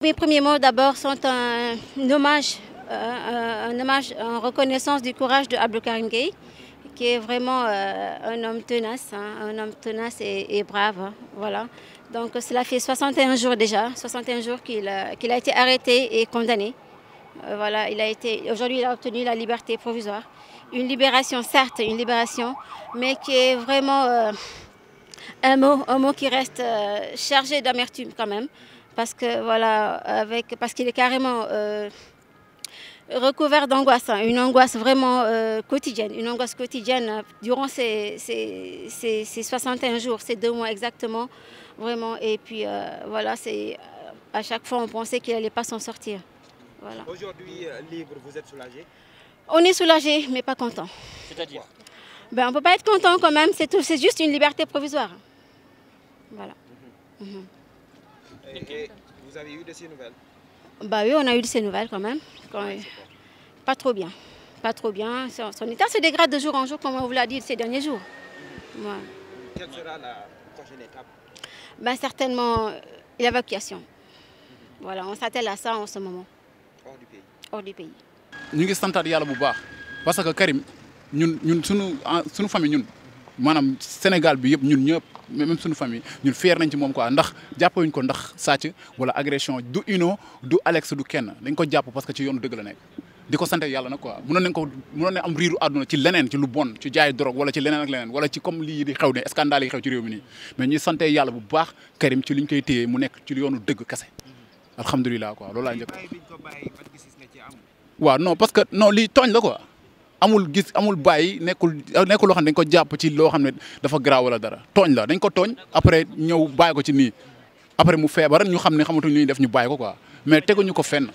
Mes premiers mots d'abord sont un, hommage, euh, un hommage en reconnaissance du courage de Abdou qui est vraiment euh, un homme tenace, hein, un homme tenace et, brave. Hein, voilà. Donc cela fait 61 jours déjà, 61 jours euh, qu'il a été arrêté et condamné. voilà, il a été aujourd'hui il a obtenu la liberté provisoire, une libération certes, une libération, mais qui est vraiment un mot, un mot qui reste chargé d'amertume quand même parce que voilà, avec, parce qu'il est carrément euh, recouvert d'angoisse, hein. une angoisse vraiment euh, quotidienne, une angoisse quotidienne hein. durant ces, 61 jours, ces deux mois exactement, vraiment. Et puis euh, voilà, c'est à chaque fois on pensait qu'il n'allait pas s'en sortir. Voilà. Aujourd'hui, libre, vous êtes soulagé On est soulagé, mais pas content. C'est-à-dire ben, On ne peut pas être content quand même, c'est juste une liberté provisoire. Voilà. Mhm. Mhm vous avez eu de ces nouvelles Bah oui, on a eu de ces nouvelles quand même. pas trop bien. Pas trop bien. Son, état se dégrade de jour en jour, comme on vous l'a dit ces derniers jours. Quelle sera la prochaine étape ben, Certainement euh, l'évacuation. Voilà, on s'attelle à ça en ce moment. Hors du pays. Hors du pays. Nous sommes Parce que Karim, nous, Parce que nous, nous, nous, manam Sénégal bi yëpp ñun ñëpp même suñu famille ñun fier nañ ci mom quoi ndax ko ndax sacc wala agression du du Alex du kenn dañ ko parce que ci yoonu deug la nek diko santé yalla quoi mënon nañ ko mënon am ci ci lu ci jaay drogue wala ci comme di scandale yi xew ci mais santé yalla bu baax Karim ci liñ koy téyé mu nek ci yoonu deug quoi non parce que non li togn la quoi. amul gis amul bàyyi nekkul nekkul loo xam ne dañ ko jàpp ci loo xam ne dafa garaaw wala dara tooñ la dañ ko tooñ après ñëw bàyyi ko ci nii après mu feebar ñu xam ne xamatuñ lu ñuy def ñu bàyyi ko ko mais teguñu ko fenn.